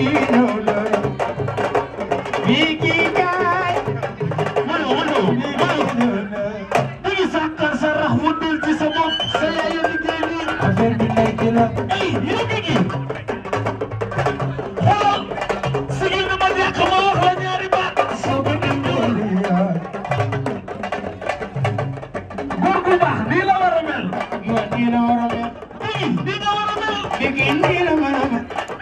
Begin, begin, begin, begin,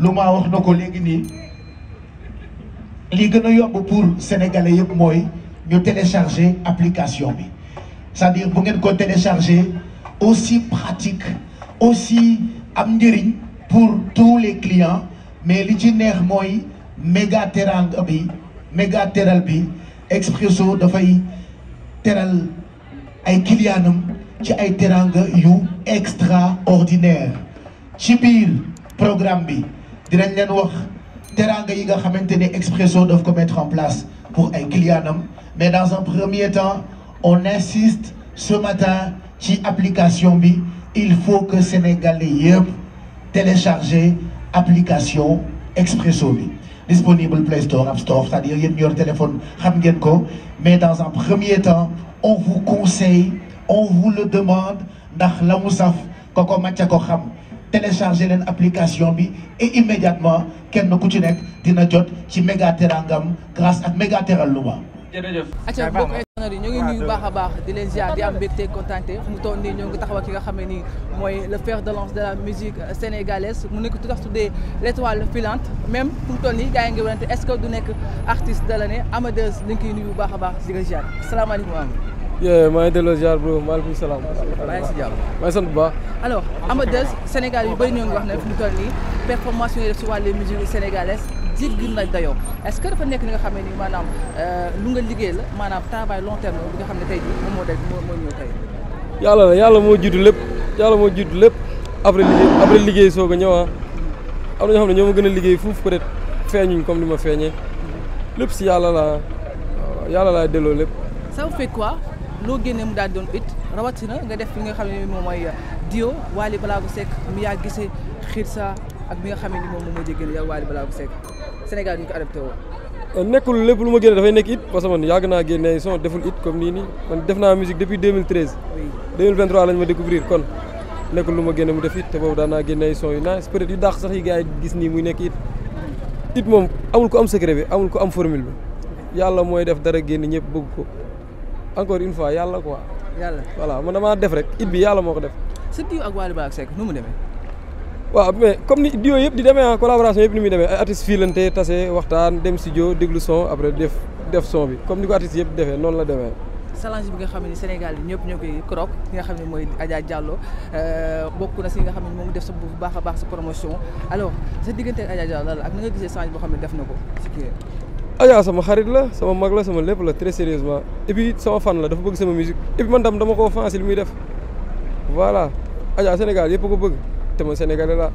lu ma wax na ko léegi nii li gën a yomb pour sénégalais yëpp mooy ñu télécharger application bi c'est-à-dire bu ngeen ko télécharger aussi pratique aussi am njëriñ pour tous les clients mais li ci neex mooy méga terang bi méga teral bi Expresso dafay teral ay clientam ci ay teranga yu extraordinaire ci biir programme bi dinañ leen wax teraanga yi nga xamante ne Expresso daf ko mettre en place pour ay clientam mais dans un premier temps on insiste ce matin ci application bi il faut que sénégalais yëpp télécharger application Expresso bi disponible Play Store App Store c'est-à-dire yéen ñu téléphone xam ngeen ko mais dans un premier temps on vous conseille on vous le demande ndax la mu saf ko ko màcca xam télécharger leen application bi et immédiatement kenn ku ci nekk dina jot ci méga terangam grâce ak méga teral Louga. jërëjëf. acca mbokk internet yi ñoo ngi nuyu baax a baax di leen ziar di am mu toll nii ñoo taxaw ki nga xam ne nii mooy le fer de lance de la musique sénégalaise mu nekk tout à tuddee l'étoile filante même fu mu toll nii gars yi ngi wante est-ce que du nekk artiste de l'année Amadeus li nga bu baax a baax di la ziar salaamaaleykum. yee maa ngi delloo ziar bro maaleykum salaam. maa ngi si jàmm maa ngi sant bu baax. am a Diaz Sénégal yu bari ñoo ngi wax ne fi mu toll nii performance yi def si wàllu musique sénégalaise jéggi na dayoo est que dafa nekk li nga xam ne nii maanaam euh, lu nga liggéey la maanaam travail long terme bi nga xam ne tey jii moom moo day moo moo ñëw tey. yàlla la yàlla moo jiitu lépp yàlla moo jiitu lépp après liggéey après a ñëw ah am na ñoo ma gën a liggéey fuuf peut-être comme ni ma feeñee lépp si yàlla laa yàlla laay delloo lépp. ça vous fait quoi loo génnee mu daal doon it rawatina nga def li nga xam ne moom mooy dio Wally Ballago Seck sekk yaa gisee xiir sa ak bi nga xam ne ni moom moom moo jégéen yow Wally Ballago Seck Sénégal ñu ko adapté woo euh, nekkul lépp lu ma génne dafay nekk it yàgg naa génne son deful it comme nii nii man def naa musique depuis 2013 2023 lañ ma découvrir kon nekkul lu ma génne mu def it te boobu daan naa génne son yu naa peut-être yu daax sax yi gars yi gis nii muy nekk it it moom amul ko am secret bi amul ko am formule bi yàlla mooy def dara génn ñëpp bëgg ko encore une fois yàlla quoi. yàlla voilà man damaa def rek it bi yàlla moo ko def. sa diw ak Wally Ballago Seck nu mu demee. waaw mais comme ni diw yëpp di demee ah collaboration yëpp ni muy demee ay artistes fiilante tase waxtaan dem studio déglu son après def def bi comme ni ko artistes yëpp defee noonu la demee. salange bi nga xam ne Sénégal bi ñëpp ñoo koy krok ki nga xam ne mooy Adja Diallo euh, bokk na si nga xam ne moom def sa bu baax a baax sa promotion alors sa diggante xam ne def na ko Adja ah sama xarit la sama mag la sama lépp la très sérieusement et sama fan la dafa bëgg sama musique et man tam dama koo fanci li muy def voilà Adja ah Sénégal yëpp ko bëgg te man sénégalais la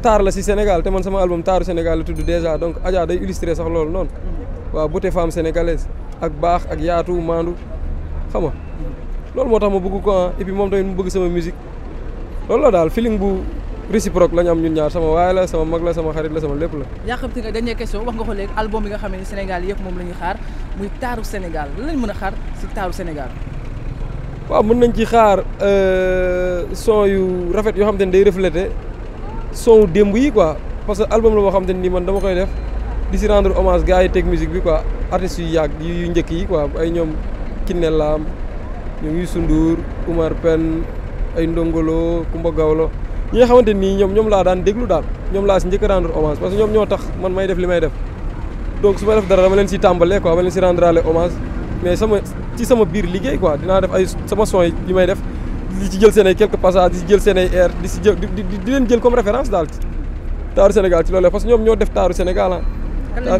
taar la si Sénégal te man sama album taaru Sénégal la tudd déjà donc Adja ah day illustré sax loolu noonu waaw beauté femme sénégalaise ak baax ak yaatu maandu xam loolu moo tax ma bëgg ko ah et moom tamit mu bëgg sama musique loolu la daal feeling bu réciproque la ñu am ñun ñaar sama waay la sama mag la sama xarit la sama lépp la. yaa xam te ne dernière wax nga ko léegi album bi nga xam ne Sénégal yëpp moom la xaar muy taaru Sénégal lan lañ a xaar si taaru Sénégal. waa mën nañ ci xaar euh, son yu rafet yoo xam te ne day refléter son démb yi quoi parce que album la moo xam te ne nii man dama koy def di si rendre hommage gars yi teg musique bi quoi artistes yu yàgg yu njëkk yi quoi ay ñoom Kiné Lam ñoom Youssou ay Ndongolo Kumba ñi nga xamante nii ñoom ñoom laa daan déglu daal ñoom laa si njëkk rendre hommage parce que ñoom ñoo tax man may def li may def donc su ma def dara dama leen si tàmbalee quoi ma leen si rendraale hommage mais sama ci sama biir liggéey quoi dinaa def ay sama son yi may def di ci jël seen ay quelques passages di si jël seen ay air di si jël di leen jël comme référence daal taaru Sénégal ci loolu parce que ñoom ñoo def taaru Sénégal ah.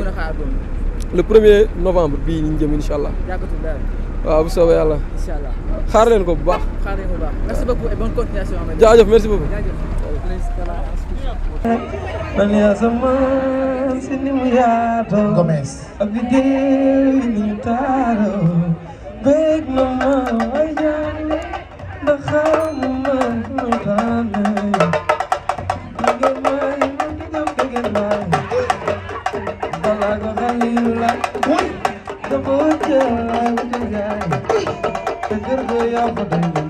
le premier novembre bii ñu jëm incha allah. waaw bu soobee yàlla. incha allah xaar leen ko bu baax. xaar leen ko bu baax merci beaucoup et bonne continuation. jaajëf merci beaucoup jaajëf. Gomes. Thank you. ya badani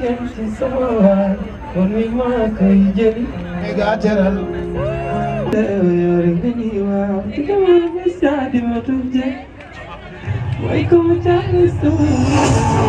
kenn ci sama waay kon mi maa jëli mi gaa teral yore nga ni waaw di ka war ma saa di way ko ma caale sama